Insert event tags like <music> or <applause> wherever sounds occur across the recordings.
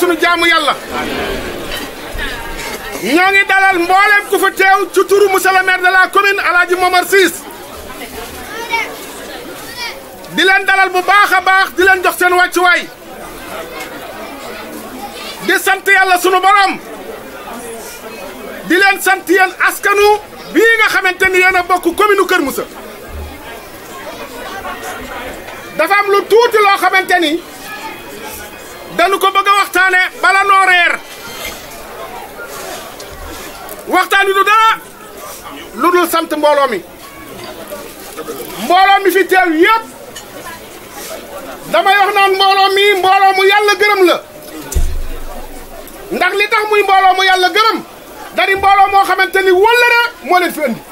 sunu jaamu yàlla ñoo ngi dalal mboolem ku fa teew ci turu monsieur le maire de la commune Alaaji Momar Ciss di leen dalal bu baax di leen jox seen wàccuwaay di sant yàlla sunu borom di leen sant yéen askanu bii nga xamante ni yéen a bokk commune Kër Moussa dafa lu tuuti loo xamante ni. dañu ko bëgg a waxtaane bala noo reer waxtaan wi du dara lu dul sant mbooloo mi mbooloo fi teew yëpp damay wax naan mbooloo mi mbooloo yàlla gërëm la ndax li tax muy mbooloo yàlla gërëm dari mbooloo moo xamante ni wëllëre moo leen fi andi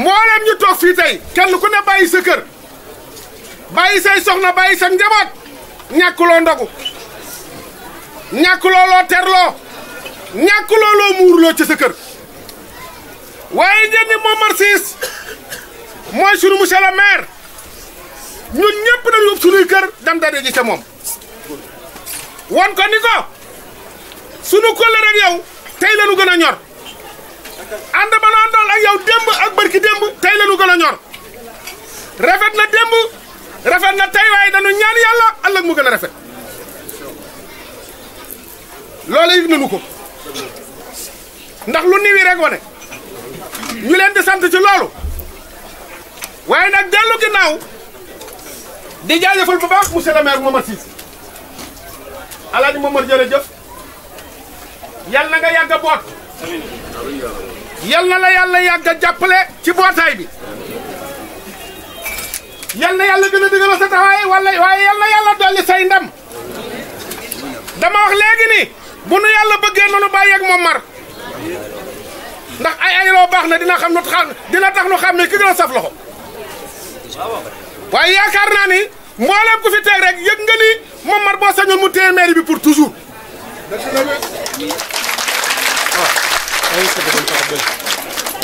mbooleem ñu toog fii tey kenn ku ne bàyyi sa kër bàyyi soxna bàyyi sa njaboot ñakulo ndogu ñakulo lo terlo ñakulo lo murlo ci sa kër waye ngeen ni Momar sis mo sunu monsieur le maire ñun ñepp dañu ëpp suñu kër dam ji ca mom won ko ni ko sunu kóllëre ak yow tay lañu gëna ñor ànd ba noo doon ak yow demb ak barki demb tay lañu gëna ñor rafet na demb rafet na tey waaye dañu ñaan yàlla ëllëg mu gën a rafet loolu yëg nañu ndax lu niwi rek wane ñu leen di sant ci loolu waaye nag dellu ginnaaw di jaajëfal bu baax monsieur le maire Momar Cissé alaaji Momar jërëjëf yal na nga yàgg yal na la yàlla yàgg a jàppale ci bootaay bi yal na yàlla gën a say ndam dama wax léegi ni bu nu yàlla bëggee noonu bàyyi ak moom mar ndax ay ay baax na dina xam nu dina tax nu xàmmee ki gën saf loxo waaye yaakaar naa ni mboolem ku fi teg rek yëg nga moom mar boo sañoon mu téye bi pour toujours.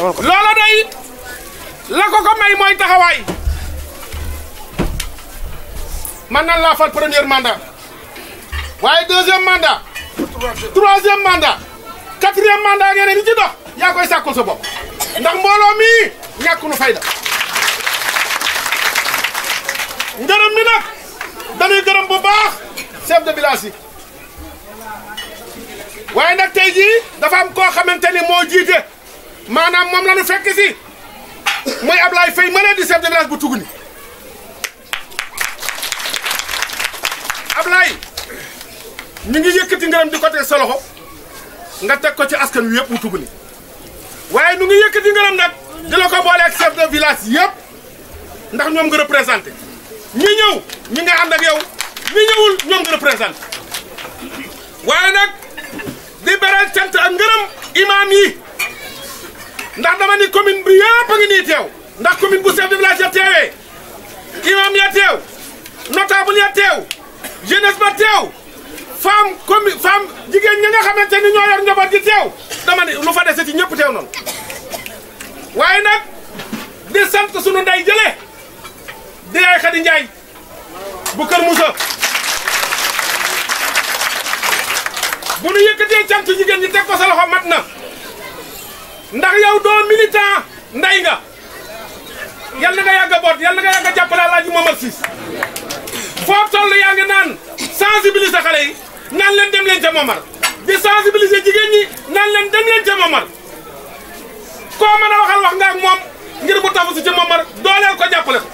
Ah. loolu day la ko ko may mooy taxawaay. Maintenant, la laa premier mandat deuxième mandat troisième mandat quatrième mandat des ci dox quoi koy sa y ndax mon il y a mi dañuy gërëm bu baax chef de village waaye Il y dafa am Il y a fekk Il y a chef de village Ablaye ñu ngi yëkkati ngërëm di ko soloxo nga teg ko ci askan wi yëpp wutu ni waaye nu ngi yëkkati ngërëm nag di la ko booleeg chef de village yëpp ndax ñoom nga représenté ñëw ñi nga ànd ak yow ñi ñëwul ñoom nga représenté waaye nag di beral cant ak ngërëm imaam yi ndax dama ni commune bi yëpp a ngi ndax commune bu chef de village ya teewee imaam ya teew notable ya teew jeunesse ba teew femme comme femme jigéen ñi nga xamante ni ñoo yor njaboot ji teew dama ne lu fa dese ci ñëpp teew noonu waaye nag di sant sunu nday jële di yaay Xadi Njaay bu Kër bu nu yëkkatee cant jigéen ñi teg ko sa mat na ndax yow doo militant nday nga yal na nga yàgg boot yal na nga yàgg a jàppale Alaaji Momar foofu toll yaa ngi naan sensibiliser xale yi naan leen dem leen ca Momar di sensibiliser jigéen ñi naan leen dem ca Momar koo mën a waxal wax nga ak moom ngir mu tafu si ci ko jàppale ko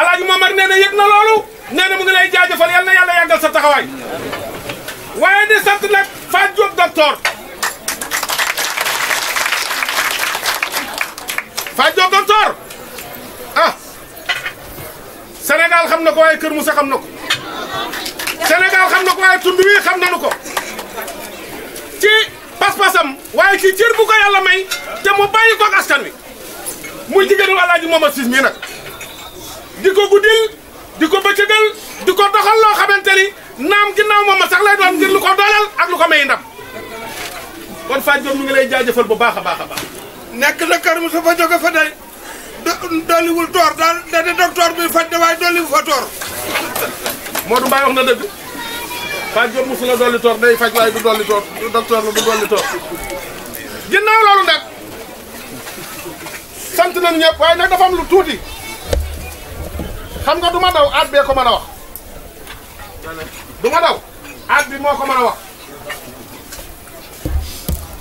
Alaaji Momar nee na yëg na loolu nee na mu ngi lay jaajëfal yal na yàlla yàggal sa taxawaay waaye di sant nag Fatou Diop docteur Fatou Diop docteur ah, senegal xam na ko waaye Kër mu saxam na ko Sénégal xam na ko waaye tund wi xam nañu ko ci pas-pasam waaye ci cër bu ko yàlla may te mu bàyyi ko ak askan wi muy jigéenu Alaaji Momar Ciss mii nag di ko guddil di ko bëccëgal di ko doxal loo xamante ni naam ginnaaw moom sax lay doon ngir lu ko dooleel ak lu ko may ndam kon Fatou Diop ñu ngi lay jaajëfal bu baax a baax a nekk na Kër Moussa fa jóge fa day dolliwul toor daal da da docteur bi faj na waaye dolliwu fa toor. Modou Mbaye wax na dëgg Fatou la dolli toor day faj waaye du dolli toor du la du dolli toor ginnaaw loolu nag sant nañu ñëpp waaye nag dafa lu tuuti xam nga du ma daw aat bee ko ma a wax du ma daw aat bi moo ko mën a wax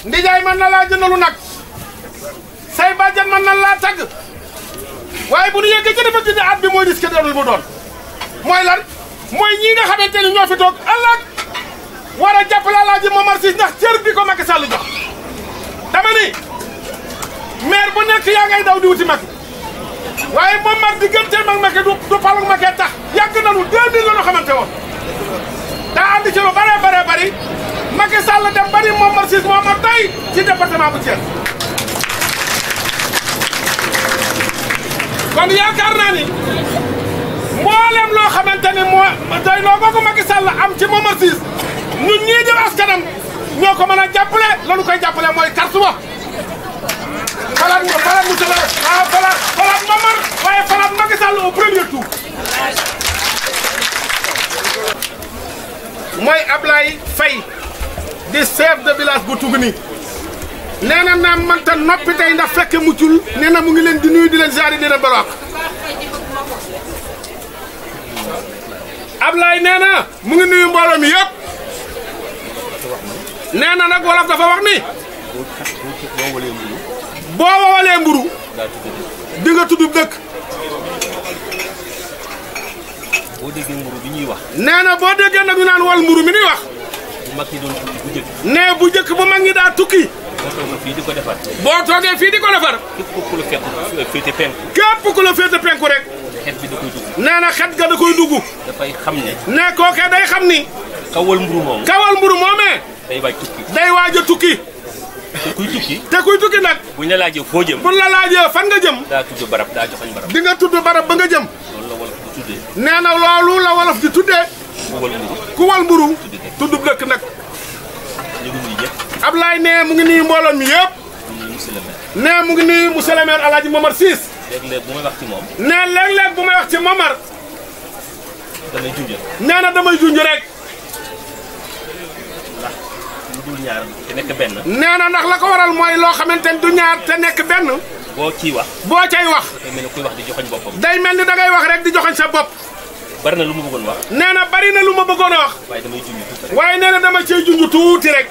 ndijaay man na laa jëndalu nag say bàjjan mën na laa tagg waye bu ñu yegg ci dafa gis at bi moy risque dara lu doon moy lan moy ñi nga xamante ni ñoo fi tok toog wara japp la laaji mo mar ci ndax cër bi ko Macky sallu jox dama ni maire bu nekk ya ngay daw di wuti mak waye mo mar di digganteem mak Macky du du palug Macky tax yag na lu 2000 la ñu xamante woon daa ànd ci lu bare bare bare Macky sallu dem bari mo mar ci mo mar tay ci département bu cër kon yaakaar naa ni loo xamante ni moo doy loo googu Macky Sall am ci Momar Ciss ñii di askanam ñoo ko mën a jàppale lañu koy jàppale mooy carte ba falaat falaat monsieur le waaw ah, waaye falaat Macky Sall au mooy Ablaye Faye di chef de village bu Tougni nee na naam manta noppi tey ndax fekke muccul nee na mu ngi leen di nuyu di leen jaari di leen balook Ablaye nee mu ngi nuyu mbooloo mi yëpp nee na nag wolof dafa wax ni boo wawalee mburu di nga tudd dëkk boo déggee ñuy wax nee na boo déggee nag ñu naan wal mburu mi ñuy wax bu mag ñi doon tukki bu njëkk nee bu njëkk bu mag ñi daa tukki fii di ko defar. boo toogee fii di ko defar. képp ku la fekk féete penku. képp ku la féete penku rek. xet koy dugg. xet ga da koy dugg. dafay xam ne. ne kookee day xam ni. kawal mburu moom. kawal mburu moomee. day waaj tukki. a tukki. te kuy tukki. te kuy tukki nag. buñ la laajee foo jëm. buñ la fan nga jëm. daa tudd barab daa joxañ barab. di nga tudd barab ba nga jëm. loolu la nee na loolu la wolof di tuddee. ku wal mburu. tudd dëkk nag. ablay ne mu ngi ni mbooloon mi yeb ne mu ngi ni monsieur le maire El Momar 6 léeg leg bu wax ci moom. nee léeg-léeg bu may wax ci Momar. damay junj rek. na damay junj rek. ndax lu na la ko waral moy lo xamante du ñaar te nek ben bo ci wax. bo cey wax. day melni da ngay wax rek di joxoñ sa bop bari na luma ma bëggoon wax neena bari na luma ma bëggoon wax waye damay junj tuuti rek waaye dama cee junj tuuti rek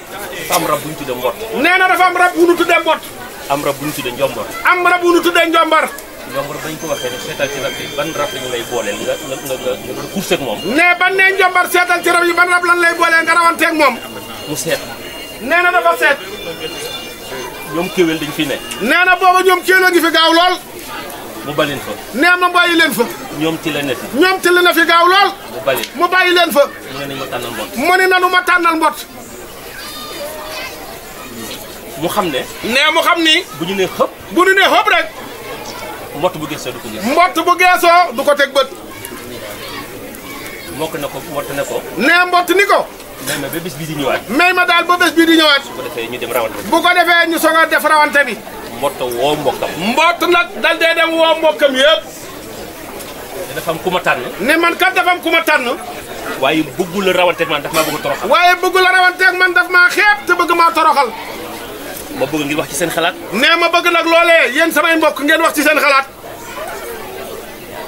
am rab bu ñu tuddee mbot nee dafa am rab bu ñu tuddee mbot am rab bu ñu tuddee njombar am rab bu ñu tuddee njombar njombar bañ ko waxé ne sétal ci rab ban rab lañ lay bolé nga nga nga nga course ak moom ne ban né njombar sétal ci rab yi ban rab lan lay bolé nga ak mom mu sét nee dafa sét ñom kéwél dañ fi né nee bobu ñom ñoom kéwél fi gaaw lool mu baleen fa. nee ma bàyyi leen fa. ñoom ci la ne fi. ñoom ci la ne fi gaaw lool. mu bàyyi mu bàyyi leen fa. mu ne ma tànnal mbot. mu ne nanu ma tànnal mbot. mu xam ne. nee mu xam ni. bu ñu ne xëpp. bu ñu nee xëpp rek. mbott bu geesoo du ko gis. mbott bu geesoo du ko teg bët. mbokk na ko mbott na ko. nee mbot ni ko. may ma ba bés bii di ñëwaat. may ma daal ba bés bii di ñëwaat. bu ko defee ñu dem rawante. bu def rawante bi. mbotta woo mbokkam mbott nag dal dee dem woo mbokkam yëpp ne dafa ku ma tànn ne man kat dafa am ku ma tànn waaye bëggul la rawanteeg man daf maa bëgg a toroxal waaye bëggul la rawanteeg man daf maa xeeb te bëgg maa toroxal ma bëgg ngir wax ci seen xalaat ne ma bëgg nag loolee yéen samay mbokk ngeen wax ci seen xalaat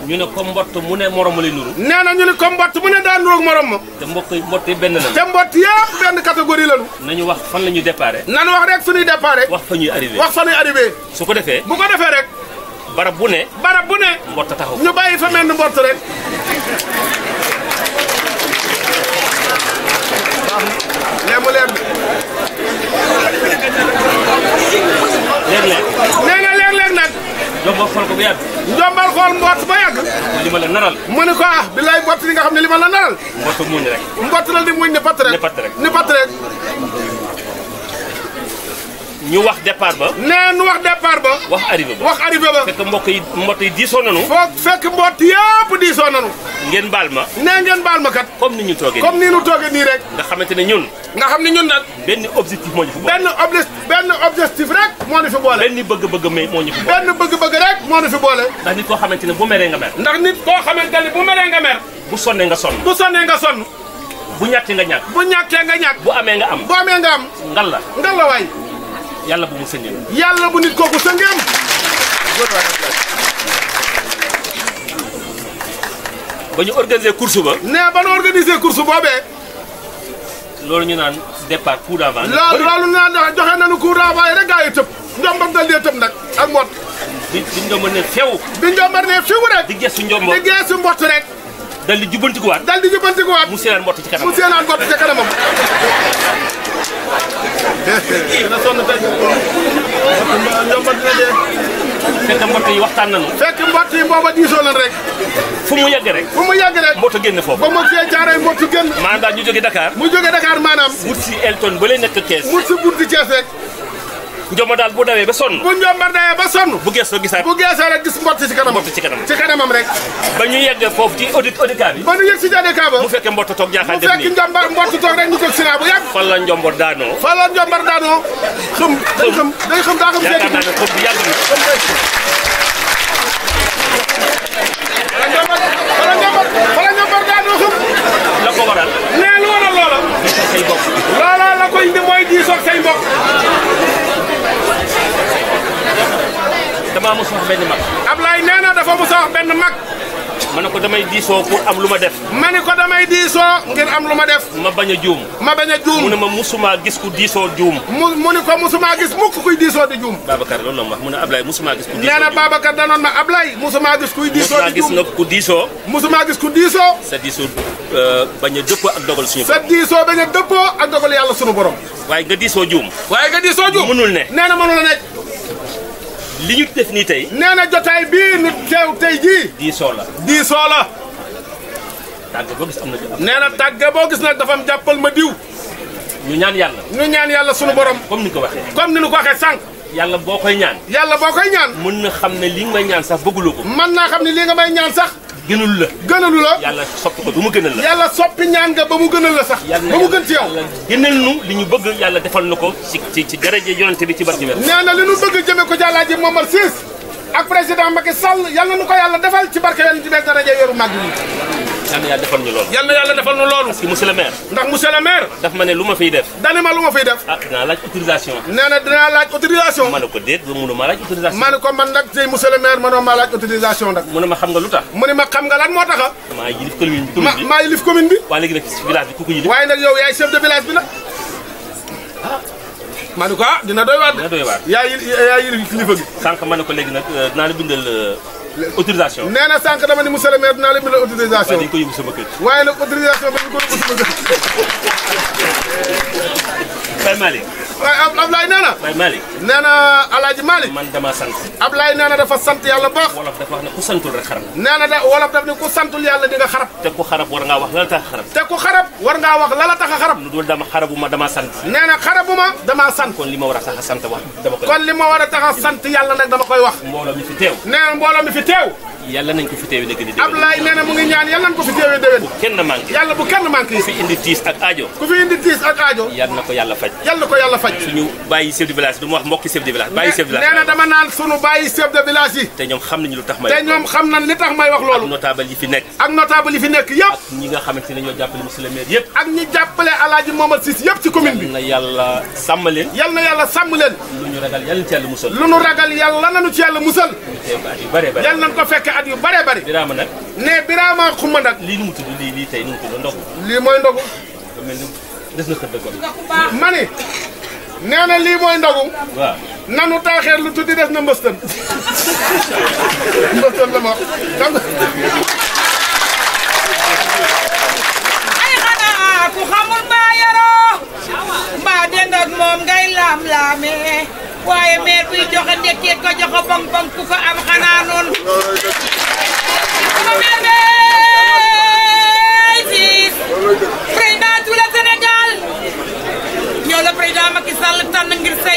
ñu ne ko mbott mu ne morom ma lay nuru nee na ñu ne ko mbott mu ne daa nuroog morom ma te mbott mbott yi benn la te mbott yëpp benn catégorie lañu nañu wax fan la ñuy déparé nañu wax rek fi ñuy déparé wax fa ñuy arrivé wax fa ñuy arrivé su ko defee bu ko defee rek barab bu ne barab bu ne mbott taxaw ñu bàyyi fa mel ni mbott rek léemu leen léeg-léeg nee na léeg-léeg nag Njombal xool ko bu yàgg. Njombal xool mbott ba yàgg. li ma la naral. mu ne ko ah bilaay mbott li nga xam ne li ma la naral. mbott muñ rek. mbott la di muñ ne patt rek. ne patt rek. ñu wax départ ba nee nu wax départ ba wax arrivé ba wax arrivé ba fekk mbokk yi mbott yi diisoo nanu foog fekk mbott yëpp diisoo nanu ngeen baal ma nee ngeen baal ma kat comme ni ñu toogee comme ni ñu toogee nii rek nga xamante ne ñun nga xam ne ñun nag benn objectif moo ñu fi benn objectif benn objectif rek moo ñu fi boole benn bëgg-bëgg mais moo ñu fi benn bëgg-bëgg rek moo ñu fi boole ndax nit koo xamante bu meree nga mer ndax nit koo xamante bu meree nga mer bu sonne nga sonn bu sonne nga sonn bu ñàkkee nga ñàkk bu ñàkkee nga ñàkk bu amee nga am bu amee nga am ngal la ngal la waay yàlla bu mu sëngeen. yàlla bu nit kooku sëngeen. ba ñu organiser course ba. nee ba ñu organiser course boobee. loolu ñu naan départ coup d'avant. loolu loolu ñu naan joxe nañu coup d'avant yi rek gaa yi tëb. ba dal dee tëb nag ak mot. di di njombar ne feew. di njombar ne fiwu rek. di gestu njombar di gestu mbott rek. dal di jubbantikuwaat. dal di jubbantikuwaat. mu seenaan mbott ci kanamam dina sonn tey. ñoom dina dee. fekk mbott yi waxtaan nañu. fekk mbott yi booba diisoo lan rek. fu mu yàgg rek. fu mu yàgg rek. mbott génn foofu. ba ma fee jaaree mbott génn. maanaam ñu jóge Dakar. mu jóge Dakar maanaam. wut si Elton ba nekk Thiès. wut si burti Thiès rek. njomba daal bu dawee ba sonn bu njomba dawee ba sonn bu geesoo gisaat bu geesoo rek gis mbott ci kanamam ci kanamam ci kanamam rek ba ñu yegg foofu ci audit audit bi ba ñu yegg ci audit ba mu fekkee mbott toog jaaxaan def nii rek ñu bu yàgg daanoo fan la njomba daanoo xam damaa mos a wax benn mag. Ablaye nee na dafa mos a wax benn mag. ma ne ko damay diisoo pour am lu ma def. ma ne ko damay diisoo ngir am lu ma def. ma bañ juum. ma bañ a juum mu ne ma musumaa gis ku diisoo juum. mu mu ne ko musumaa gis mukk kuy diisoo di juum. Babacar loolu la ma wax mu ne Ablaye musumaa gis. ku diisoo nee na Babacar danoon ma Ablaye gis di juum musumaa gis nga ku diisoo. musumaa gis ku diisoo. sa diisoo euh, bañ a dëppoo ak dogal suñu borom. sa diisoo bañ a ak dogal yàlla suñu borom. waaye nga diisoo juum. waaye nga diisoo juum mënul ne. ne. li ñu def nii tey. nee na jotaay bii ñu teew tey jii. diisoo la diisoo la. tàgg boo gis am na nee na tàgg boo gis na dafa jàppal ma diw. ñu ñaan yàlla. ñu ñaan yàlla sunu borom. comme ni ko waxee. comme ni ñu ko waxee sànq. yàlla boo koy ñaan. yàlla boo koy ñaan. mën na xam ne lii nga may ñaan sax bëgguloo ko. man naa xam ne li nga may ñaan sax. gënalu la gënalu la yàlla soppi ko ba mu gënal la yàlla soppi ñaan nga ba mu gënal la sax ba mu gën ci yow li ñu bëgg yàlla defal na ko ci ci ci daraje yonante bi ci barke bi li ñu bëgg jëme ko jàllaa ji Momar Ciss ak président Macky Sall yàlla nu ko yàlla defal ci barke yonante bi daraje yoru màgg yi yal na defal ñu loolu ci monsieur le maire ndax monsieur le maire daf mané luma lu fiy def dane ma luma ma fiy def ah dinaa laaj autorisation nee na dinaa laaj autorisation mané ko déet mënu ma laaj autorisation mané ko man nak tey monsieur le maire mëno ma laaj autorisation nak mënu ma xam nga lutax mënu ma xam nga lan mo taxa maa yilif commune bi maa yilif commune bi waaye léegi nag village bi ku ko yilif way nak yow yaay chef de village bi nak ah. ma ah dina doy waar dina doy waar Yaay yil yaa yilif kilifa gi sànq ma ne ko léegi nag euh, dinaa la bindal euh, autorisation nee na sànq dama ni monsieur le maire dinaa la bindal autorisation waaye dañ ko yóbbu sama kër. waaye nag autorisation ba ñu ko yóbbu sama kër. Baye Malick waaye Ablaye nee na. waaye Malick. nee na El Hadj man damaa sant. Ablaye nee na dafa sant yàlla baax. wolof dafa wax ne ku santul rek xarab. nee na da wolof daf ne ku santul yàlla di nga xarab. te ku xarab war ngaa wax lala tax a xarab. te ku xarab war ngaa wax lala tax a xarab. lu dul dama xarabuma damaa sant. nee na xarabuma damaa sant. kon li ma war a tax sant wax kon li ma war a tax a sant yàlla nag dama koy wax. mbooloo mi fi teew. nee na mi fi teew. yàlla nañ ko fi teewee dëgg di déwén. Ablaye nee na mu ngi ñaan yàlla nañ ko fi teewee déwén. bu kenn manqué yàlla bu kenn manqué. ku fi indi tiis ak aajo. ku fi indi tiis ak aajo. yàlla na ko yàlla faj. yàlla na ko yàlla faj. suñu bàyyi chef de village du ma wax mbokki chef de village. bàyyi chef de village nee na dama naan suñu bàyyi chef de village yi. te ñoom xam nañu lu tax may. te ñoom xam nañ li tax may wax loolu. ak notable yi fi nekk. ak notable yi fi nekk yëpp. ak ñi nga xamante ne ñoo jàppale monsieur le maire yëpp. ak ñi jàppale alaaji Momar Sis yëpp ci commune bi. yal na yàlla sàmm leen. yal na yàlla sàmm leen. lu ñu ragal yàlla ci yàlla musal. lu ñu ragal yàlla nañu ci yàlla musal. yal nañ ko fekk a yu bare bari. biraama nag. ne biraama lii nu mu tudd lii lii tey nu mu tudd ndogu. lii mooy ndogu. dafa nee na lii mooy ndogu. waaw nanu taaxeer lu tuddi des na mbëstan. mbëstan la ma wax ay xanaa ku xamul mbaa yoroo. mbaa dend ak moom ngay laam-laamee. waaye maire buy joxe ndekkee ko joxe bong bong ku ko am xanaa noonu président tout le Sénégal ñoo la président Macky Sall tànn ngir sa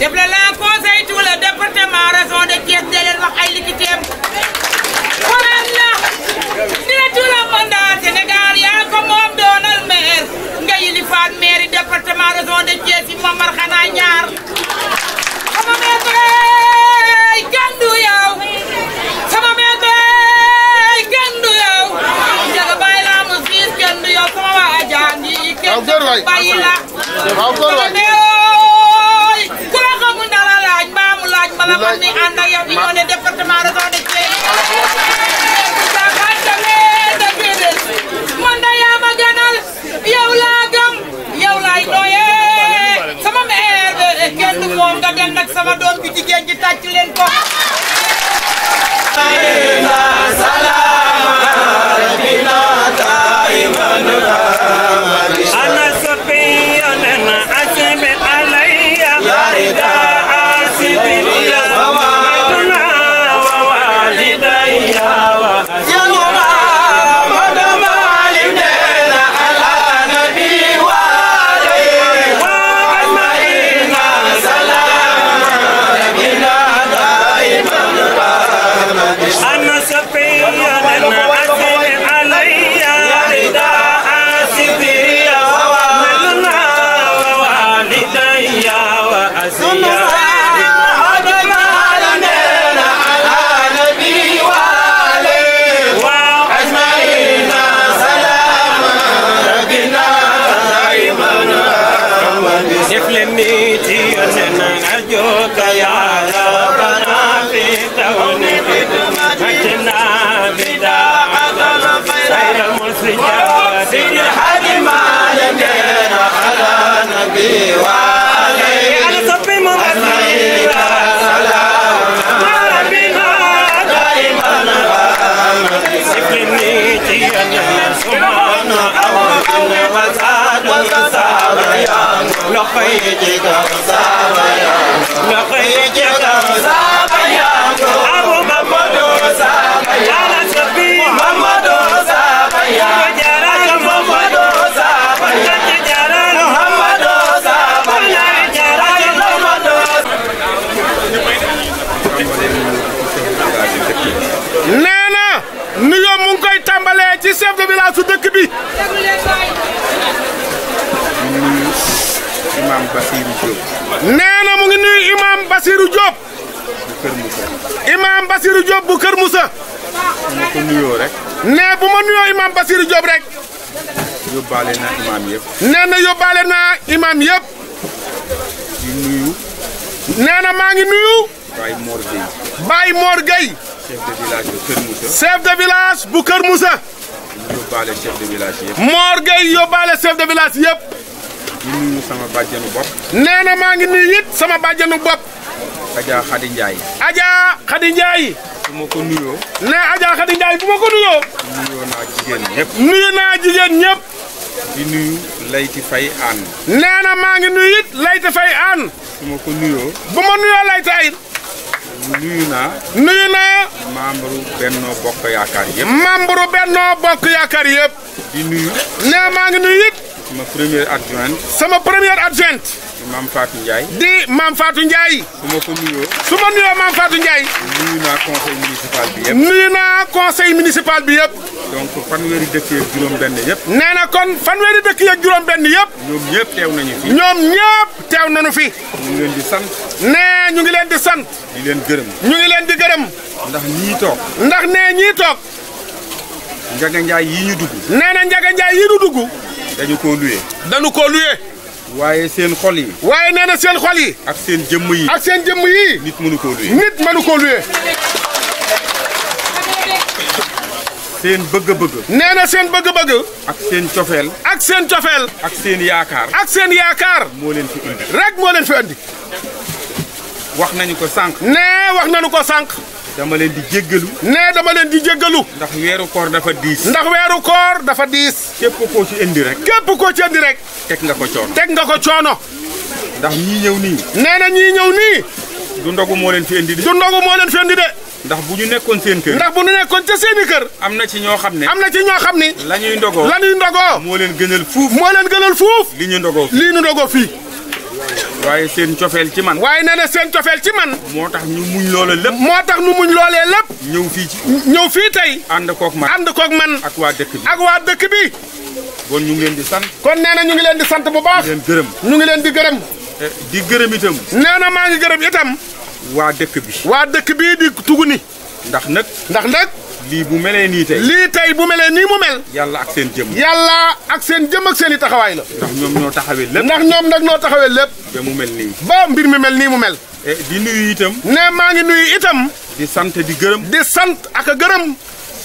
def la la conseil tout le département région de Thiès dee leen wax ay likiteem xoolal la dina tout le mandat Sénégal yaa ko moom doonal maire nga yilifaat maire département région de Thiès yi Momar xanaa ñaar bayi la waaw góor waay ku la xamul dara laaj mbaa mu laaj mbala man mi ànd ak yow di ñoo ne département région de Thiès nag sama doom bi jigéen ji tàcc leen ko Loxo yi ci kaw saaba yaa imam Basirou Diop. nee na mu ngi nuyu imam Basirou Diop. bu Kër Moussa. imam Basirou Diop bu Kër Moussa. bu ma ko rek. nee bu ma nuyoo imam Basirou Diop rek. yóbbaale naa imam yëpp. nee na yóbbaale naa imam yëpp. di nuyu. nee maa ngi nuyu. Baye Mor Gueye. Baye Mor Gueye. chef de village bu Kër musa chef de village bu Kër Moussa. Mor Gueye yóbbaale chef de village yëpp. nuyu sama bàjjanu bopp. nee na maa ngi nuyu it sama bàjjanu bopp. Adja Khady Ndiaye. Adja Khady Ndiaye. bu ma ko nuyoo. nee Adja Khady Ndiaye ko nuyoo. nuyoo naa jigéen ñëpp. nuyu naa jigéen ñëpp. di nuyu Layti Faye Anne. nee na maa ngi nuyu Layti Faye Anne. bu ko nuyoo. bu ma nuyoo Layti nuyu naa. nuyu naa. membre Benno Bokk Yaakaar yëpp. membre Benno Bokk Yaakaar yëpp. di nuyu. nee maa nuyu it. sama première adjointe. sama première adjointe. di maam Fatou di maam su ma ko nuyoo. su ma nuyoo maam Fatou nuyu naa conseil municipal bi yëpp. nuyu naa conseil municipal bi yëpp. donc fanweeri dëkk yeeg juróom-benn yëpp. nee na kon fanweeri dëkk yeeg juróom-benn yëpp. ñoom ñëpp teew ñu fi. ñoom ñëpp teew nañu fi. ñu ngi leen di sant. nee ñu ngi leen di sant. di leen gërëm. ñu ngi leen di gërëm. ndax ñii toog. ndax nee ñii toog. njaay yii ñu dugg. nee na njaga njaay yii ñu dugg. dañu ko luye. dañu ko luye. waaye seen xol yi. waaye nee na seen xol ak seen jëmm yi. ak seen jëmm yi. nit mënu koo luye. nit mënu koo luye. seen bëgg-bëgg. nee na seen bëgg-bëgg. ak seen cofeel. ak seen cofeel. ak seen yaakaar. ak seen yaakaar. moo leen fi indi. rek moo fi indi. wax nañu ko sànq. nee wax nañu ko sànq. dama leen di jéggalu. nee dama leen di jéggalu. ndax weeru koor dafa diis. ndax weeru koor dafa diis. képp koo ci indi rek. képp koo ci indi rek. teg nga ko coono. teg nga ko coono. ndax ñii ñëw nii. nee na ñii ñëw nii. du ndogu moo leen fi indi de. du ndogu moo leen fi indi de. ndax bu ñu nekkoon seen kër. ndax bu ñu nekkoon ca seen i am na ci ñoo xam ne. am na ci ñoo xam ni. la ñuy ndogoo la ñuy ndogoo. moo leen gënal fuuf. moo leen gënal fuuf. li ñu ndogoo fii li ñu ndogoo fii. waaye seen cofeel ci man waaye nee na seen cofeel ci man moo tax ñu muñ loole lépp moo tax ñu muñ loolee lépp ñëw fii ci ñëw fii tey ànd koog man ànd koog man ak waa dëkk bi ak waa dëkk bi kon ñu ngi leen di sant kon nee na ñu ngi leen di sant bu baax leen gërëm ñu ngi leen di gërëm eh, di gërëm itam nee na maa ngi gërëm itam waa dëkk bi waa dëkk bii di ni ndax nag ndax nag lii bu melee nii tey. lii tey bu melee nii mu mel. yàlla ak seen jëm. yàlla ak seen jëm ak seen i taxawaay la. ndax ñoom ñoo taxawee lépp. ndax ñoom nag ñoo taxawee lépp. ba mu mel nii. ba mbir mi mel nii mu mel. E, di nuyu itam. ne maa ngi nuyu itam. di sant di gërëm. di sant ak a gërëm.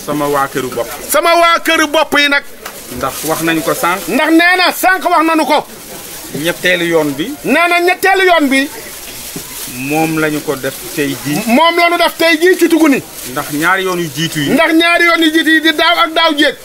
sama waa kër bopp. sama waa këru bopp yi nag. ndax wax nañu ko sànq. ndax nee na sànq wax nañu ko. ñetteelu yoon bi. nee na ñetteelu yoon bi. moom lañu ko def tey jii. moom la ñu def tey jii ci Tuguni. ndax ñaari yoon yu jiitu yi. ndax ñaari yoon yu jiitu yi di daaw ak daaw jéeg.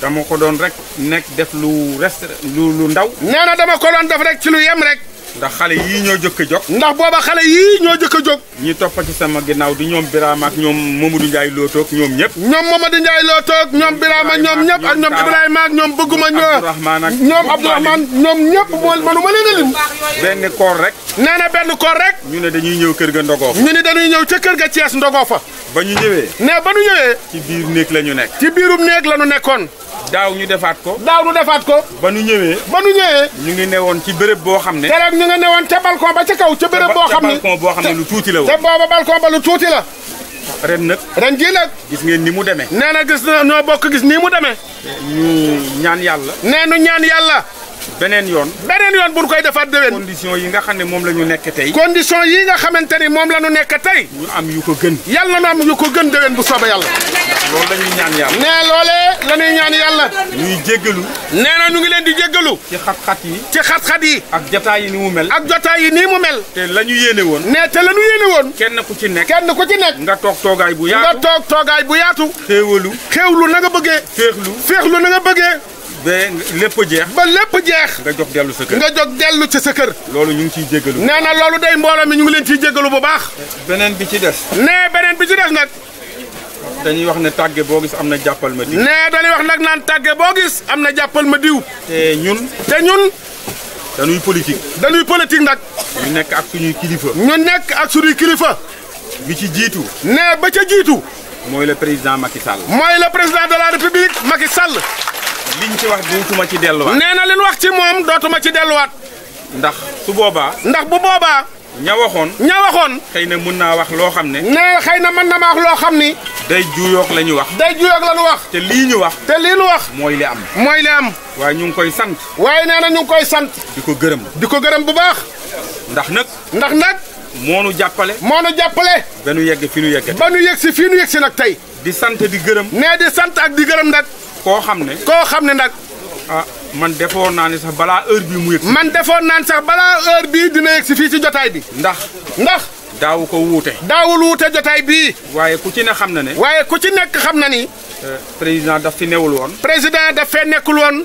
dama ko doon rek nekk def lu reste lu ndaw. nee na dama ko doon def rek ci lu yem rek. ndax xale yii ñoo jëkk a jóg ndax booba xale yii ñoo jëkk a jóg ñi toppa ci sama ginnaaw di ñoom Birama ak ñoom Mamadou Ndiaye Lootoog ñoom ñëpp ñoom Mamadou Ndiaye Lootoog ñoom Birama ñoom ñëpp ak ñoom Ibrahima ak ñoom bëgguma ñoo ñoom Abdourahmane ñoom ñëpp moo manuma leen a benn koor rek nee na benn koor rek ñu ne dañuy ñëw kër ga ndogoo ñu ne dañuy ñëw ca kër ga Thiès ndogoo fa ba ñu ñëwee ne ba ñu ñëwee ci biir néeg la ñu nekk ci biirum néeg la ñu nekkoon daaw ñu defaat ko daaw ñu defaat ko ba ñu ñëwee ba ñu ñëwee ñu ngi ci béréb boo xam ne ñu nga newoon ca balcon ba ca kaw ca béréb boo xam ne balcon boo xam ne lu tuuti la woon te booba balcon ba lu tuuti la ren nag ren jii nag gis ngeen ni mu demee nee na gis na noo bokk gis nii mu demee ñu ñaan yàlla nee nu ñaan yàlla beneen yoon beneen yoon buñ koy defaat déwén condition yi nga xam ne moom la ñu nekk tey condition yi nga xamante ni moom la ñu nekk tey ñu am yu ko gën yàlla na am yu ko gën déwén bu soobee yàlla loolu la ñuy ñaan yàlla ne loolee la ñuy ñaan yàlla ñuy jéggalu nee na ñu ngi leen di jéggalu ci xat-xat yi ci xat-xat yi ak jotaay yi ni mu mel ak jotaay yi nii mu mel te la ñu yéene woon nee te la yéene woon kenn ku ci nekk kenn ku ci nekk nga toog toogaay bu yaatu nga toog toogaay bu yaatu xéewalu xéewlu na nga bëggee féexlu ba lépp jeex. ba lépp jeex. nga jóg dellu sa kër nga jóg dellu ca sa kër. loolu ñu ngi ciy jégalu. nee na loolu day mbooloo mi ñu ngi leen ciy jégalu bu baax. beneen bi ci des. nee beneen bi ci des nag. dañuy wax ne tàgge boo gis am na jàppal ma diw. nee dañuy wax nag naan tàgge boo gis am na jàppal ma diw. te ñun. te ñun. dañuy politique. danuy politique nag. ñu nekk ak suñuy kilifa. ñu nekk ak suñuy kilifa. bi ci jiitu. nee ba ca jiitu. mooy le président Macky Sall. mooy le la république Macky liñ ci wax dootuma ci delluwaat. nee na liñ wax ci moom dootuma ci delluwaat. ndax su boobaa. ndax bu boobaa. ña waxoon. ña xëy na mën naa wax loo xam ne. nee xëy na man na ma loo xam ni. day juyoog la ñu wax. day juyoog la wax. te lii ñu wax. te lii ñu wax. mooy li am. mooy li am. waaye ñu ngi koy sant. waaye nee na ñu ngi koy sant. di ko gërëm. di ko gërëm bu baax. ndax nag. ndax nag. moo nu jàppale. moo nu jàppale. ba nu yegg fi nu yegg. ba nu yegg si fii nu yegg si nag tey. di sant di gërëm. nee di sant ak di gërëm nag. koo xam ne. koo xam ne nag. a ah, man defoon naa ne sax balaa heure bii mu yëg. man defoon naan sax balaa heure bii dina yëg si fii si jotaay bi. ndax ndax. daawu ko wuute. daawul wuute jotaay bii. waaye ku ci ne xam na ne. waaye ku ci nekk xam na ni. Eh, président daf si newul woon. président daf fee nekkul woon.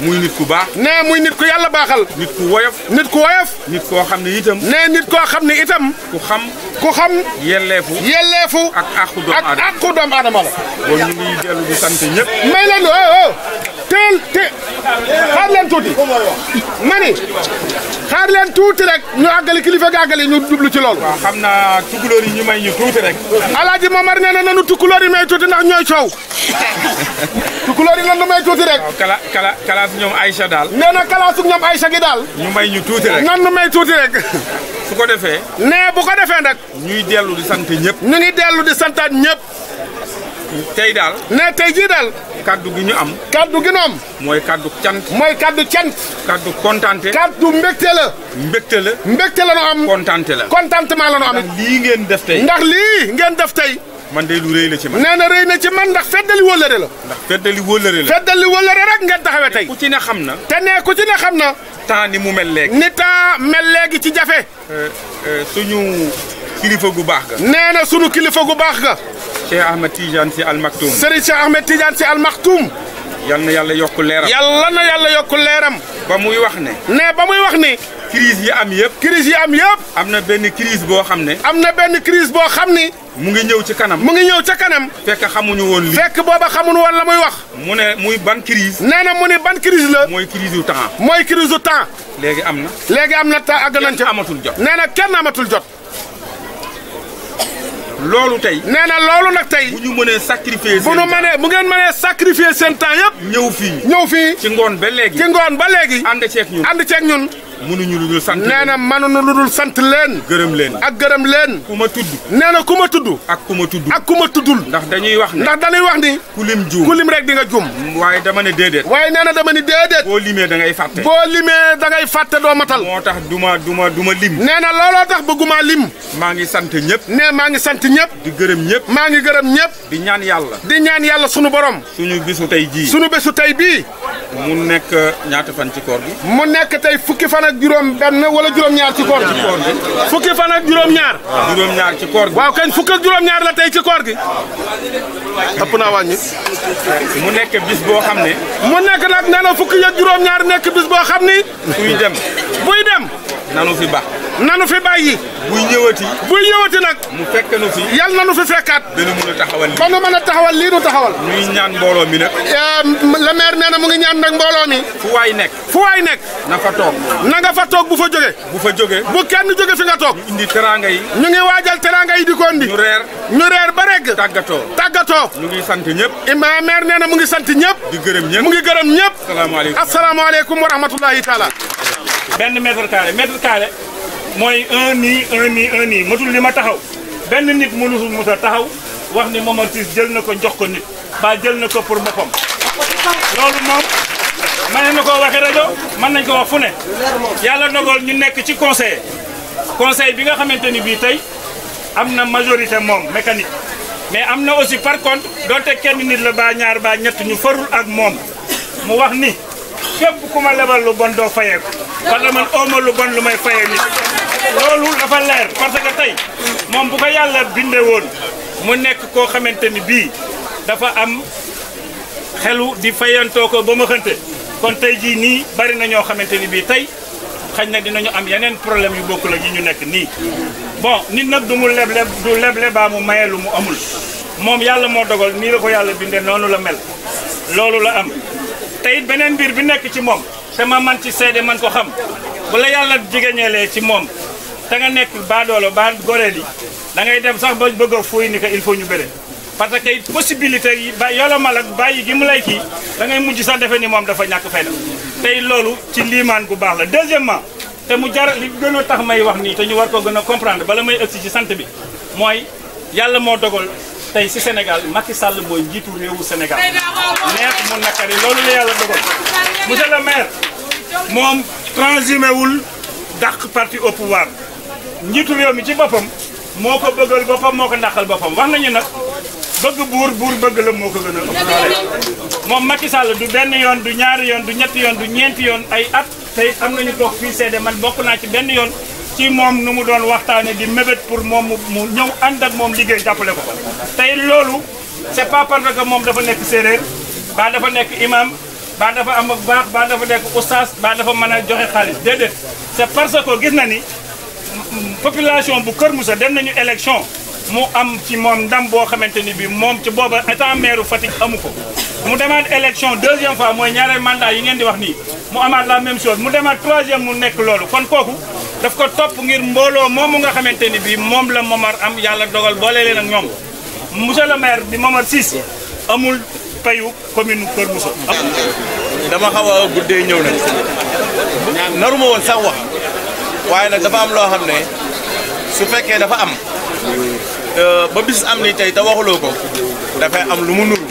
muy nit ku baax nee muy nit ku yàlla baaxal nit ku woyof nit ku woyof nit koo xam ne itam nee nit koo xam ne itam ku xam ku xam yelleefu yelleefu ak àqu doomu aadama ak àqu doomu aadama la ñu ngi dellu di sant ñëpp may leen oo oh, oh. teel te xaar leen tuuti mani xaar leen rek ñu àggali kilifa gàggali ñu jublu ci loolu. waaw xam naa tukkulóor yi ñu may ñu tuuti rek. alaaji Momar nee nanu tukkulóor yi may tuuti ñooy coow <laughs> tukkulóor yi lan la rek. classe ñoom Aïcha daal. nee na classe ñoom Aïcha gi daal. ñu may ñu tuuti rek nan nu may tuuti rek. su ko defee. nee bu ko defee nag. ñuy dellu di sant ñëpp. ñu ngi dellu di santaan ñëpp. tey daal. nee tey jii daal. kàddu gi ñu am. kàddu gi ñu am. mooy kaddu cant. mooy kaddu cant. kaddu kontante. kaddu mbégte la. mbégte la. mbégte la ñu am. kontante la. contentement la ñu am. lii ngeen def tey. ndax lii ngeen def tey. man dey lu rëy la ci man. nee na rëy na ci man ndax feddali wóllare la. ndax feddali wóllare la. feddali wóllare rek ngeen taxawee tey. ku ci ne xam na. te nee ku ci ne xam na. temps ni mu mel léegi. ni temps mel léegi ci jafe. Euh, euh, suñu kilifa gu baax ga. nee na suñu kilifa gu baax ga. Cheikh Ahmed Tidiane si Almaktoum. Serigne Cheikh Ahmed Tidiane si Almaktoum. yal na yàlla yokk leeram. yàlla yokk leeram. ba muy wax ne. ne ba muy wax ni. crise yi am yëpp. crise yi am yëpp. am na benn crise boo xam ne. am na benn crise boo xam ni. mu ngi ñëw ci kanam. mu ngi ñëw ca kanam. fekk xamuñu woon li. fekk booba xamuñu woon la muy wax. mu ne muy ban crise. nee na mu ne ban crise la. mooy crise du temps. mooy crise u temps. léegi am na. léegi am na temps àgg nañ ca amatul jot. nee na kenn amatul jot. loolu tey. nee loolu nag tey. bu ñu mënee sacrifier bu ñu mënee bu ngeen manee sacrifier seen temps yëpp. ñëw fii ñëw fii. ci ngoon be léegi ci ngoon ba léegi. ànd ceeg ñun ànd ceeg ñun. mënuñu lu dul sant leen nee na mënuñu lu dul sant leen. gërëm leen ak gërëm leen. ku ma tudd. nee na ku ma tudd. ak ku ma tudd ak ku ma tuddul. ndax dañuy wax ni ndax dañuy wax ni. ku lim juum ku lim rek di nga juum. waaye dama ne déedéet. waaye nee na dama ne déedéet. boo limee da ngay fàtte. boo limee da ngay fàtte doo matal. moo tax du ma du ma du ma lim. nee na looloo tax bëgguma lim. maa sant ñëpp. nee maa ngi sant ñëpp. di gërëm ñëpp. maa ngi gërëm ñëpp. di ñaan yàlla. di ñaan yàlla sunu borom. suñu bisu tey jii. suñu bisu tey bi mu nekk ñaata fan ak juróom benn wala juróom-ñaar ci koor gi fukki fan ak juróom-ñaar ah. juróom-ñaar ci koor gi waaw kañ fukk ak juróom-ñaar la tey ci koor gi ëpp naa wàññi mu nekk bis boo xam ne mu nekk nag nee na fukki ak juróom-ñaar nekk bis boo xam ni buy dem buy dem nanu fi ba nanu fi bàyyi. buy ñëwati. buy ñëwati nag. mu fekk nu fi. yal na fi fekkaat. dana mën a taxawal lii ba nu mën a taxawal lii nu taxawal. ñuy ñaan mbooloo mi nag. Eh, le maire nee na mu ngi ñaan nag mbooloo mi. fu waay nekk. fu waay nekk. na fa toog. na nga fa toog bu fa jógee. bu fa jóge bu kenn jóge fi nga toog. ñu indi teraanga yi. ñu ngi waajal teraanga yi di ko indi. ñu reer. ñu reer ba reg. tàggatoo tàggatoo. ñu ngi sant ñëpp. a maire nee na mu ngi sant ñëpp. di gërëm ñëpp mu ngi gërëm ñëpp. asalaamaaleykum wa rahmatullahi taala benn mètre carré bokkaale mooy un nii un nii un nii matul li ma taxaw benn nit mënusul musa taxaw wax ni Momar Ciss jël na ko jox ko nit ba jël na ko pour boppam loolu moom mën na ko waxee rajo mën nañ ko wax fu ne yàlla dogal ñu nekk ci conseil conseil bi nga xamante ni bii tey am na majorité moom mécanique mais am na aussi par contre doonte kenn nit la baa ñaar baa ñett ñu farul ak moom mu wax ni képp ku ma lebal lu bon doo fayee ko wala man oomal lu bon lu may fayee nit loolu dafa leer parce que tey moom bu ko yàlla bindee woon mu nekk koo xamante ni bii dafa am xelu di fayantoo ko ba ma kon tey jii nii bari na ñoo xamante ni bii tey xañ na dinañu am yeneen problème yu bokk la yi ñu nekk nii bon nit nag du mu leble du leble baa mu maye lu mu amul moom yàlla moo dogal nii la ko yàlla binde noonu la mel loolu la am tey beneen mbir bi nekk ci moom te ma man ci sédé man ko xam bu la yàlla jigéñeelee ci mom da nga ba dolo ba goreel yi da ngay dem sax ba bëgg fooy ni ka il faut ñu béré parce que possibilité yi ba yalla mal ak bàyyi gi mu lay kii da ngay mujj sa défé ni mom dafa ñàkk fayda tey lolu ci liimaan gu baax la deuxièmement té mu jar li gëna tax may wax ni té ñu war ko gëna comprendre bala may ëgsi ci sante bi moy yalla mo dogal tey si Sénégal Macky Sall mooy njiitu réewu Sénégal neex mu nakari loolu la yàlla dogal monsieur le maire moom transhumé wul dàq parti au pouvoir njiitu réew mi ci boppam moo ko bëggal boppam moo ko ndaxal boppam wax nañu nag bëgg buur buur bëgg la moo ko gën a ëpp moom Macky du benn yoon du ñaari yoon du ñetti yoon du ñeenti yoon ay at tey am nañu toog fii seede man bokk naa ci benn yoon ci moom nu mu doon waxtaane di mébét pour moom mu ñëw ànd ak moom liggéey jàppale ko tey loolu c'est pas parce que moom dafa nekk séeréer ba dafa nekk imam ba dafa am ak baax ba dafa nekk oustaz ba dafa mën a joxe xaalis déedéet c'est parce que gis na ni population bu Kër Moussa dem nañu élection mu am ci mom ndam bo xamanteni bi mom ci booba état maire Fatick amuko mu demande élection deuxième fois moy ñaareel mandat yi ngeen di wax ni mu amat la même chose mu demande troisième mu nek lolu kon koku daf ko top ngir mbolo moomu nga xamanteni bi mom la Momar am yalla dogal boole leen ak ñom monsieur le maire di Momar 6 amul payu commune Kër Moussa dama xawa a ñew ñëw naruma won sax wax waye nak dafa am lo xamné su fekkee dafa am babis ba bis am ni tay taw ko fay am lu mu nuru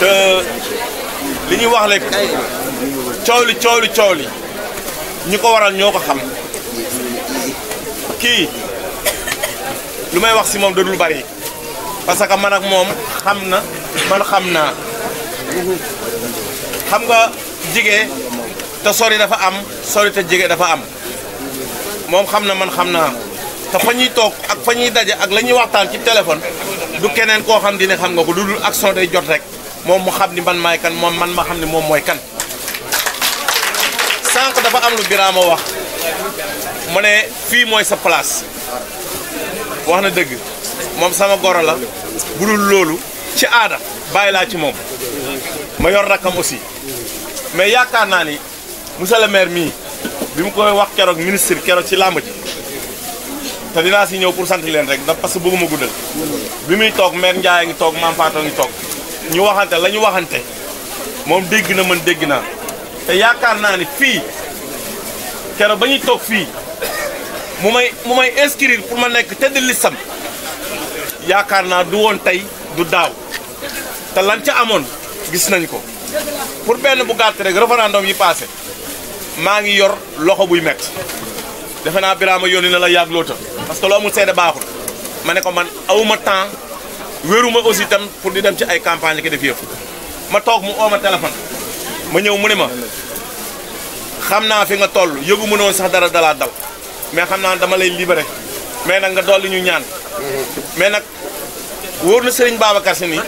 te liñu wax lek ciowli ciowli ciowli li waral ñoko xam ki lu may wax ci mom da dul bari parce que man ak mom xamna man xamna xam nga te sori dafa am sori te jigee dafa am mom xamna man xamna te fa ñuy toog ak fa ñuy daje ak la ñuy waxtaan ci téléphone du keneen koo xam dina xam nga ko dudul action day jot rek moom mu xam ni man maay kan moom man ma xam ni moom mooy kan sànq dafa am lu biraama wax mu ne fii mooy sa place wax na dëgg moom sama goro la budul dul loolu ci aada bàyyi laa ci moom ma yor rakam aussi mais yaakaar ni monsieur le maire mii bi koy wax keroog ministre keroog ci làmb té dina si ñëw pour santé leen rek da parce que bëgguma guddal bi muy tok mère ndjay nga tok mam Fatou nga tok ñu waxante lañu ñu waxante moom dégg na man dégg na té yaakar na ni fi kéro bañu tok fi mu may mu may inscrire pour ma nek tedd listam yaakar na du won tay du daw té lan ci amone gis nañ ko pour ben bu gatt rek référendum yi passé ma ngi yor loxo buy mett defena Birama yoni na la yàgg parce que loo amul seede baaxul mané ko man awuma temps wëruma aussi tam pour di dem ci ay campagne ki def yëpp ma tok mu oo téléphone ma ñëw mu ne ma xamna fi nga toll yëgu mënoon sax dara dala dal mais xamna dama lay libéré mais nak nga dolli ñu ñaan mais nak wóor na Serigne Babacar Sy ni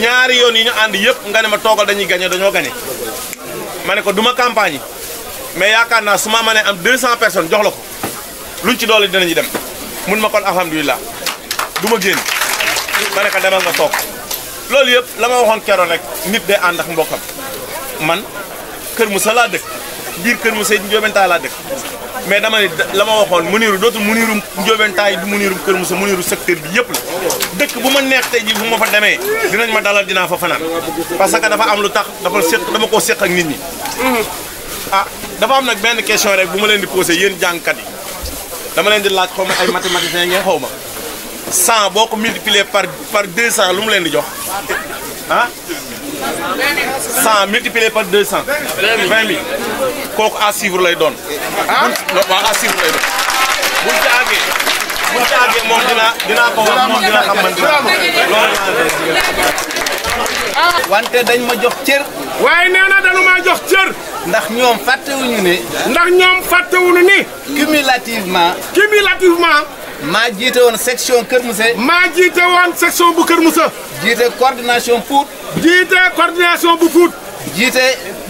ñaari yoon yi ñu and yëpp nga ne ma togal dañuy gagner dañu gagner mané ko duma campagne mais yaakaar naa su am 200 personnes jox la ko luñ ci doole dinañu dem mun ma kon alhamdulilah du ma génn ma ne demal nga toog loolu yëpp la ma waxoon keroon rek nit day ànd ak mbokkam man Kër Moussa laa dëkk biir Kër Moussa Ndiobenta laa dëkk mais dama ne la ma mu Mounirou dootul Mouniroum Ndiobenta yi du Mouniroum Kër Moussa Mouniroum secteur bi yëpp la dëkk bu ma neex tey ji bu ma fa demee dinañ ma dalal dinaa fa fanaan parce que dafa am lu tax dafa séq dama koo séq ak nit ñi mhm. ah dafa am na benn question rek bu ma leen di posé yéen jàngkat yi dama leen di laaj xaw ma ay mathématiciens ngeen xaw ma cent boo ko multiplier par par deux cent lu mu leen di jox ah cent multiplier par deux cent vingt mille kooku à suivre lay doon ah? waaw à suivre lay doon buñ ci àggee buñ moom dinaa dinaa ko wax moom dina xam man dina loolu wante dañ ma jox cër waaye nee na dañu ma jox cër ndax ñoom wuñu ne. ndax ñoom ni. cumulativement. cumulativement. maa jiite section Kër Moussa. maa jiite section bu Kër Moussa. coordination foot jiite coordination bu jiite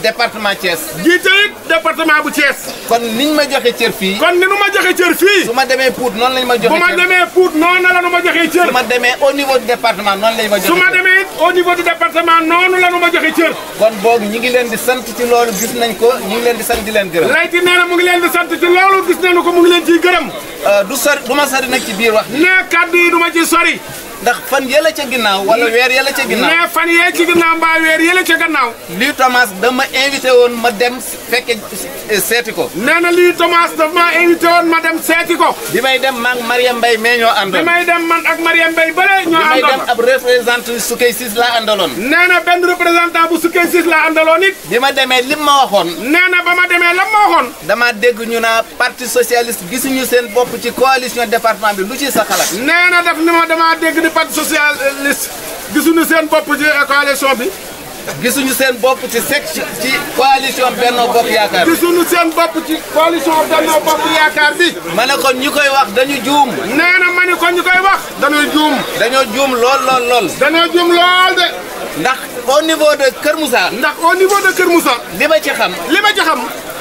département Thiès. jiite it département bu Thiès. kon niñ ma joxe cër fii. kon ni nu ma joxe cër fii. su ma demee Pout noonu lañ ma joxe. bu ma demee Pout la nu ma joxe cër. su ma demee au niveau du département noonu lañ ma joxe. su ma demee it au niveau du département noonu la nu ma joxe cër. kon boog ñi ngi leen di sant ci loolu gis nañ ko ñi leen di sant di leen gërëm. na mu ngi leen di sant ci loolu gis nañu ko mu ngi ciy gërëm. Euh, du sori du ma sori na ci biir wax. nee kàddu du ma ci sori. ndax fan yële ca ginnaaw wala weer yële ca ginnaaw mais fan lii Thomas dama invité woon ma dem fekke eh, seeti ko nee na lii Thomas daf maa invité woon ma dem seeti ko bi may dem maag Mariam bay mais ñoo àndoon bi may dem man ak Mariam bay bële ñoo àndoon bi may dem ab représentant nee na benn représentant bu sukkay sis laa àndaloon it bi ma demee lim ma waxoon nee na ba ma demee lam ma waxoon dama dégg ñu naa parti socialiste ñu seen bopp ci coalition département bi lu ci sa xalaat nee daf ni ma dama dégg di parti socialiste gisuñu seen bopp ci coalition bi. gisuñu seen bopp ci section ci coalition Benno Bokk Yaakaar bi. gisuñu seen bopp ci coalition bi. ma ne ñu koy wax dañu juum. nee na ma ne ko ñu koy wax. dañuy juum. dañoo juum lool lool lool. dañoo juum lool de. ndax au niveau de Kër Moussa. ndax au niveau de Kër Moussa. li ma ci xam. li ma ci xam.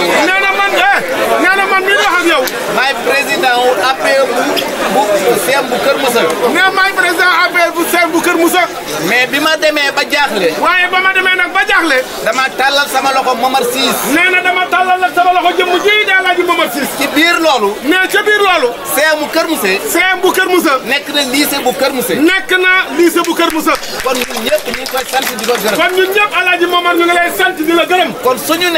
nee na man nee na man mi ngi yow. président wu APR bu bu seem bu Kër Moussa. nee maay président APR bu seem bu Kër Moussa. mais bi ma demee ba jaaxle. waaye ba ma demee nag ba jaaxle. dama tàllal sama loxo Momar Ciss. nee na dama tàllal nag sama loxo jëmm ji di Alaaji Momar Ciss. ci biir loolu. mais ca biir loolu. seem bu Kër Moussa. seem nekk na lycée bu Kër Moussa. nekk na lycée bu Kër Moussa. kon ñun ñëpp ñu ngi koy sant di ko gërëm. kon ñun ñëpp Alaaji Momar kon suñu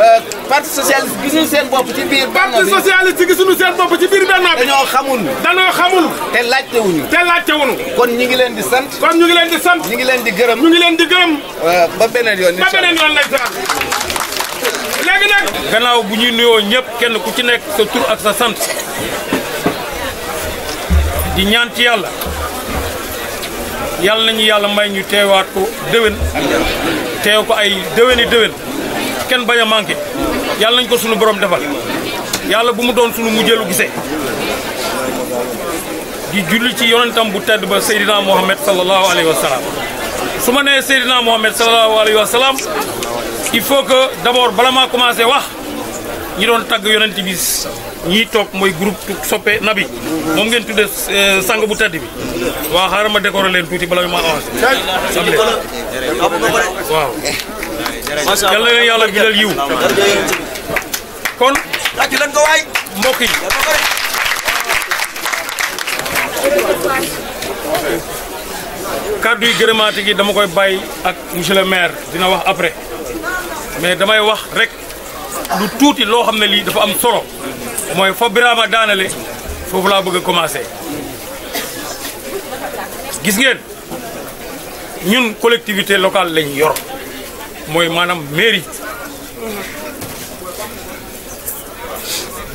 euh, parti socialiste gisuñu seen bopp ci biir. parti boole ci gisuñu seen bopp ci biir bennoo bi dañoo xamul dañoo xamul te laajte te laajte kon ñu ngi leen di sant kon ñu ngi leen di sant ñu ngi leen di gërëm ñu ngi leen di gërëm euh, ba beneen yoon ba beneen yoon lañ bu ñuy nuyoo ñëpp kenn ku ci nekk sa tur ak sa sant di ñaan ci yàlla yàlla nañu yàlla may ñu teewaat ko déwén teew ko ay déwéni déwén kenn bañ a manqué yàlla nañ ko sunu borom defal yàlla bu mu doon sunu mujjelu gisee di julli ci yonentam bu tedd ba Seydina Mohamed sallallahu alayhi wa salaam su ma nee Seydina Mohamed sallallahu alayhi wa salaam il faut que d'abord bala ma commencé wax ñi doon tagg yonent bi ñii toog mooy groupe soppe nabi moom ngeen tudde euh, sang bu tedd bi waaw xaaral ma décorer leen tuuti bala maa avancé. am leen leen yàlla bindal yiw kon. tàcc leen ko waay mbokk yi yi gërëmaate gi dama koy bàyyi ak monsieur maire dina wax après mais damay wax rek lu tuuti loo xam ne lii dafa am solo mooy fo Birama daanale foofu laa bëgg a commencer gis ngeen ñun collectivité locale lañ yor mooy maanaam mairie.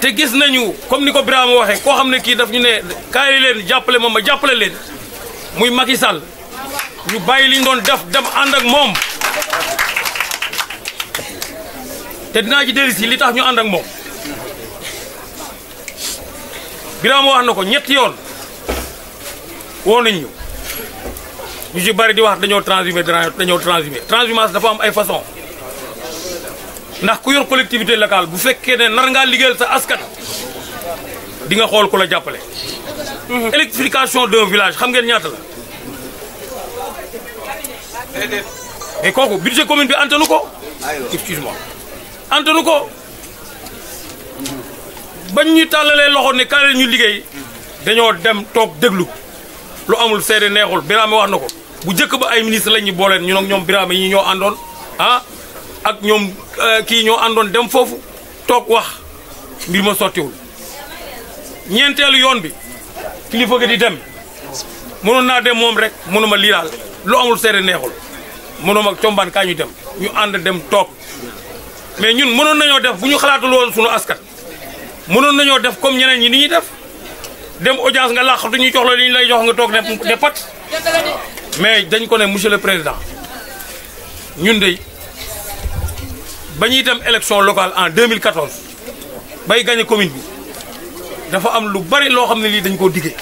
te gis nañu comme ni ko Birame waxee koo xam ne kii daf ñu ne kaay leen jàppale ma ma jàppale leen muy Macky Sall ñu bàyyi li ñu doon def dem ànd ak moom te dinaa ci dellu si li tax ñu ànd ak moom Birame wax na ko ñetti yoon woo nañ ñu ñu ci bari di wax dañoo transhumé dañoo transhumé transhumance dafa am ay façon ndax ku yor collectivité locale bu fekkee ne nar ngaa liggéeyal sa askan di nga xool ku la jàppale. Hmm. électrification d'un village xam ngeen ñaata la. mais kooku budget commune bi antanu ko. excuse-moi antanu ko bañ ñu tàllalee loxo ne kaale ñu liggéey dañoo dem toog déglu lu amul seede neexul Birame wax na ko bu njëkk ba ay ministre lañ ñu booleen ñu ak ñoom Birame yi ñoo àndoon ah. ak ñoom euh, kii ñoo àndoon dem foofu toog wax mbir ma sottiwul ñeenteelu yoon bi kilifa gi di dem mënoon naa dem moom rek mënuma ma liiraal lu amul seere neexul mënuma combaan kaa ñu dem ñu ànd dem toog mais ñun mënoon nañoo def bu ñu xalaatul woon sunu askan mënoon nañoo def comme ñeneen ñi ni ñuy def dem audience nga làqatu ñu jox la li ñu lay jox nga toog ne ne pat mais dañ ko ne monsieur le président ñun de. ba ñuy dem élection local en 2014 bay gagné commune bi dafa am lu bari loo xam ne lii dañ koo diggee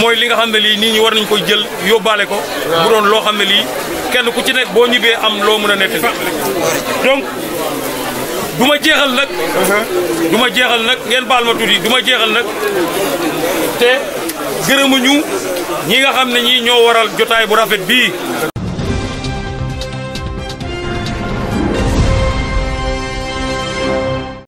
mooy li nga xam ne lii nii ñi war nañ koy jël yóbbaale ko. bu doon loo xam ne lii kenn ku ci nekk boo ñibbee am loo mën a nekk donc du ma jeexal nag. du ma jeexal nag ngeen baal ma tuuti du jeexal nag te gërëmuñu. ñi nga xam ne ñii ñoo waral jotaay bu rafet bii